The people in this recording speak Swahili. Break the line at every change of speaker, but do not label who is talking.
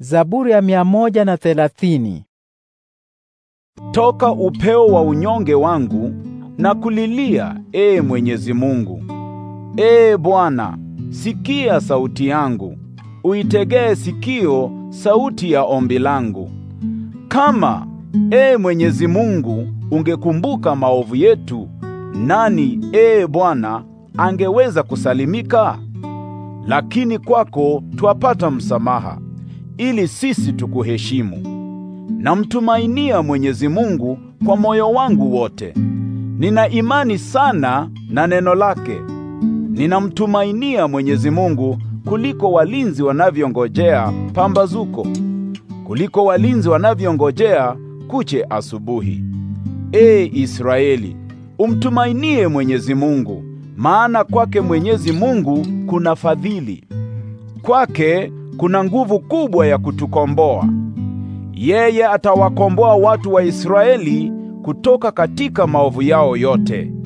Zaburi ya mia moja na thelathini. Toka upeo wa unyonge wangu na kulilia, ee Mwenyezi Mungu. Ee Bwana, sikia sauti yangu, uitegee sikio sauti ya ombi langu. Kama ee Mwenyezi Mungu ungekumbuka maovu yetu, nani ee Bwana angeweza kusalimika? Lakini kwako twapata msamaha ili sisi tukuheshimu. Namtumainia Mwenyezi Mungu kwa moyo wangu wote. Nina imani sana na neno lake. Ninamtumainia Mwenyezi Mungu kuliko walinzi wanavyongojea pambazuko, kuliko walinzi wanavyongojea kuche asubuhi. e Israeli, umtumainie Mwenyezi Mungu, maana kwake Mwenyezi Mungu kuna fadhili. Kwake kuna nguvu kubwa ya kutukomboa. Yeye atawakomboa watu wa Israeli kutoka katika maovu yao yote.